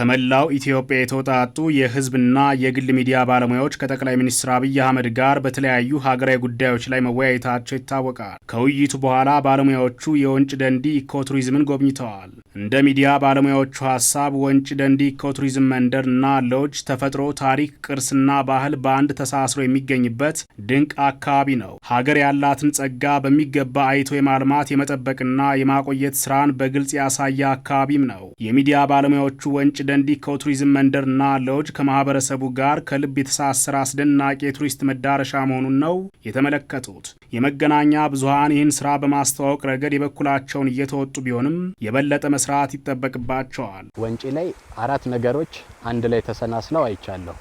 ከመላው ኢትዮጵያ የተውጣጡ የህዝብና የግል ሚዲያ ባለሙያዎች ከጠቅላይ ሚኒስትር አብይ አህመድ ጋር በተለያዩ ሀገራዊ ጉዳዮች ላይ መወያየታቸው ይታወቃል። ከውይይቱ በኋላ ባለሙያዎቹ የወንጭ ደንዲ ኢኮቱሪዝምን ጎብኝተዋል። እንደ ሚዲያ ባለሙያዎቹ ሀሳብ ወንጭ ደንዲ ኢኮቱሪዝም መንደር ና ሎጅ ተፈጥሮ፣ ታሪክ፣ ቅርስና ባህል በአንድ ተሳስሮ የሚገኝበት ድንቅ አካባቢ ነው። ሀገር ያላትን ጸጋ በሚገባ አይቶ የማልማት የመጠበቅና የማቆየት ስራን በግልጽ ያሳየ አካባቢም ነው። የሚዲያ ባለሙያዎቹ ወንጭ ደንዲ ከቱሪዝም መንደርና ለውጅ ከማህበረሰቡ ጋር ከልብ የተሳሰረ አስደናቂ የቱሪስት መዳረሻ መሆኑን ነው የተመለከቱት። የመገናኛ ብዙሃን ይህን ስራ በማስተዋወቅ ረገድ የበኩላቸውን እየተወጡ ቢሆንም የበለጠ መስራት ይጠበቅባቸዋል። ወንጪ ላይ አራት ነገሮች አንድ ላይ ተሰናስለው አይቻለሁ።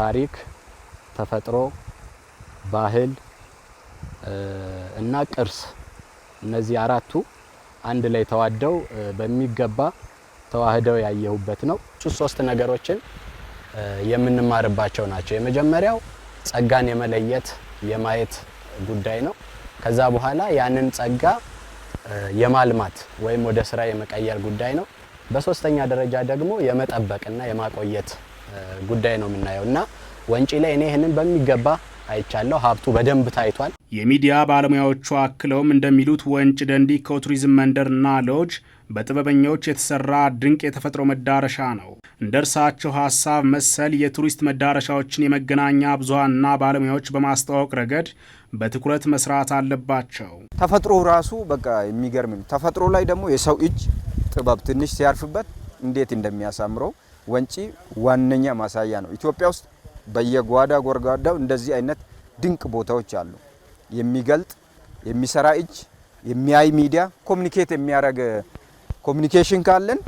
ታሪክ፣ ተፈጥሮ፣ ባህል እና ቅርስ እነዚህ አራቱ አንድ ላይ ተዋደው በሚገባ ተዋህደው ያየሁበት ነው። እሱ ሶስት ነገሮችን የምንማርባቸው ናቸው። የመጀመሪያው ጸጋን የመለየት የማየት ጉዳይ ነው። ከዛ በኋላ ያንን ጸጋ የማልማት ወይም ወደ ስራ የመቀየር ጉዳይ ነው። በሶስተኛ ደረጃ ደግሞ የመጠበቅና የማቆየት ጉዳይ ነው የምናየው እና ወንጪ ላይ እኔ ይህንን በሚገባ አይቻለሁ። ሀብቱ በደንብ ታይቷል። የሚዲያ ባለሙያዎቹ አክለውም እንደሚሉት ወንጭ ደንዲ ከቱሪዝም መንደርና ሎጅ በጥበበኞች የተሰራ ድንቅ የተፈጥሮ መዳረሻ ነው። እንደ እርሳቸው ሀሳብ መሰል የቱሪስት መዳረሻዎችን የመገናኛ ብዙሃንና ባለሙያዎች በማስተዋወቅ ረገድ በትኩረት መስራት አለባቸው። ተፈጥሮ ራሱ በቃ የሚገርም ነው። ተፈጥሮ ላይ ደግሞ የሰው እጅ ጥበብ ትንሽ ሲያርፍበት እንዴት እንደሚያሳምረው ወንጪ ዋነኛ ማሳያ ነው። ኢትዮጵያ ውስጥ በየጓዳ ጎርጓዳው እንደዚህ አይነት ድንቅ ቦታዎች አሉ። የሚገልጥ የሚሰራ እጅ የሚያይ ሚዲያ ኮሚኒኬት የሚያደርግ ኮሚኒኬሽን ካለን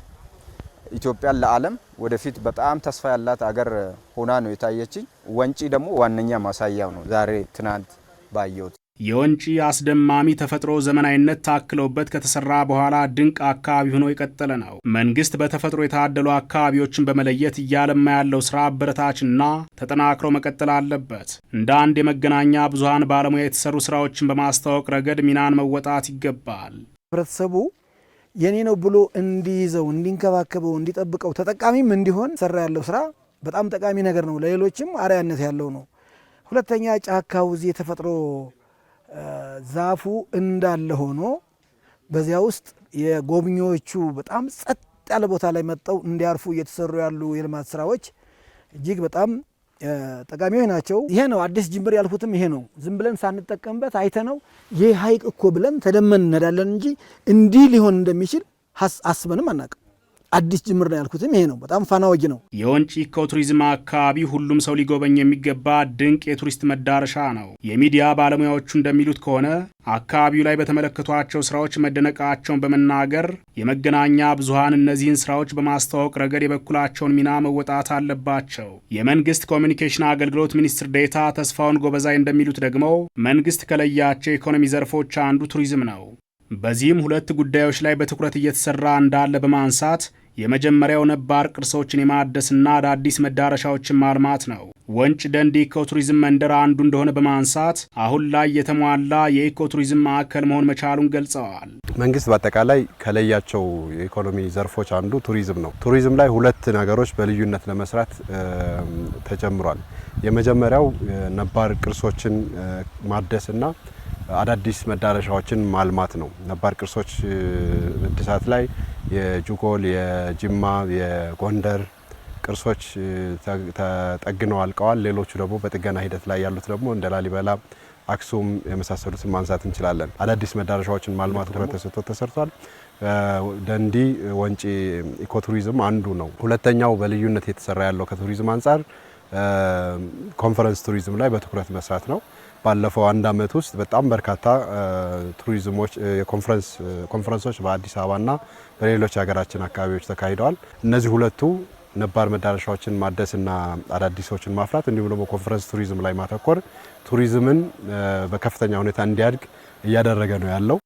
ኢትዮጵያን ለዓለም ወደፊት በጣም ተስፋ ያላት አገር ሆና ነው የታየችኝ። ወንጪ ደግሞ ዋነኛ ማሳያው ነው። ዛሬ ትናንት ባየሁት የወንጪ አስደማሚ ተፈጥሮ ዘመናዊነት ታክለውበት ከተሰራ በኋላ ድንቅ አካባቢ ሆኖ የቀጠለ ነው። መንግስት በተፈጥሮ የታደሉ አካባቢዎችን በመለየት እያለማ ያለው ስራ አበረታችና ተጠናክሮ መቀጠል አለበት። እንደ አንድ የመገናኛ ብዙሃን ባለሙያ የተሰሩ ስራዎችን በማስተዋወቅ ረገድ ሚናን መወጣት ይገባል። ህብረተሰቡ የኔ ነው ብሎ እንዲይዘው፣ እንዲንከባከበው፣ እንዲጠብቀው ተጠቃሚም እንዲሆን ሰራ ያለው ስራ በጣም ጠቃሚ ነገር ነው። ለሌሎችም አርያነት ያለው ነው። ሁለተኛ ጫካው እዚህ የተፈጥሮ ዛፉ እንዳለ ሆኖ በዚያ ውስጥ የጎብኚዎቹ በጣም ጸጥ ያለ ቦታ ላይ መጠው እንዲያርፉ እየተሰሩ ያሉ የልማት ስራዎች እጅግ በጣም ጠቃሚዎች ናቸው። ይሄ ነው አዲስ ጅምር ያልኩትም ይሄ ነው። ዝም ብለን ሳንጠቀምበት አይተ ነው። ይህ ሀይቅ እኮ ብለን ተደመን እንሄዳለን እንጂ እንዲህ ሊሆን እንደሚችል አስበንም አናውቅም። አዲስ ጅምር ነው ያልኩትም ይሄ ነው። በጣም ፋና ወጊ ነው። የወንጪ ኢኮቱሪዝም አካባቢ ሁሉም ሰው ሊጎበኝ የሚገባ ድንቅ የቱሪስት መዳረሻ ነው። የሚዲያ ባለሙያዎቹ እንደሚሉት ከሆነ አካባቢው ላይ በተመለከቷቸው ስራዎች መደነቃቸውን በመናገር የመገናኛ ብዙሃን እነዚህን ስራዎች በማስተዋወቅ ረገድ የበኩላቸውን ሚና መወጣት አለባቸው። የመንግስት ኮሚኒኬሽን አገልግሎት ሚኒስትር ዴታ ተስፋውን ጎበዛይ እንደሚሉት ደግሞ መንግስት ከለያቸው የኢኮኖሚ ዘርፎች አንዱ ቱሪዝም ነው። በዚህም ሁለት ጉዳዮች ላይ በትኩረት እየተሰራ እንዳለ በማንሳት የመጀመሪያው ነባር ቅርሶችን የማደስና አዳዲስ መዳረሻዎችን ማልማት ነው። ወንጭ ደንድ ኢኮቱሪዝም መንደር አንዱ እንደሆነ በማንሳት አሁን ላይ የተሟላ የኢኮቱሪዝም ማዕከል መሆን መቻሉን ገልጸዋል። መንግስት በአጠቃላይ ከለያቸው የኢኮኖሚ ዘርፎች አንዱ ቱሪዝም ነው። ቱሪዝም ላይ ሁለት ነገሮች በልዩነት ለመስራት ተጀምሯል። የመጀመሪያው ነባር ቅርሶችን ማደስና አዳዲስ መዳረሻዎችን ማልማት ነው። ነባር ቅርሶች እድሳት ላይ የጁጎል፣ የጅማ፣ የጎንደር ቅርሶች ተጠግነው አልቀዋል። ሌሎቹ ደግሞ በጥገና ሂደት ላይ ያሉት ደግሞ እንደ ላሊበላ፣ አክሱም የመሳሰሉትን ማንሳት እንችላለን። አዳዲስ መዳረሻዎችን ማልማት ትኩረት ተሰጥቶ ተሰርቷል። ደንዲ ወንጪ ኢኮቱሪዝም አንዱ ነው። ሁለተኛው በልዩነት የተሰራ ያለው ከቱሪዝም አንጻር ኮንፈረንስ ቱሪዝም ላይ በትኩረት መስራት ነው። ባለፈው አንድ ዓመት ውስጥ በጣም በርካታ ቱሪዝሞች ኮንፈረንሶች በአዲስ አበባና በሌሎች የሀገራችን አካባቢዎች ተካሂደዋል። እነዚህ ሁለቱ ነባር መዳረሻዎችን ማደስና አዳዲሶችን ማፍራት እንዲሁም ደግሞ ኮንፈረንስ ቱሪዝም ላይ ማተኮር ቱሪዝምን በከፍተኛ ሁኔታ እንዲያድግ እያደረገ ነው ያለው።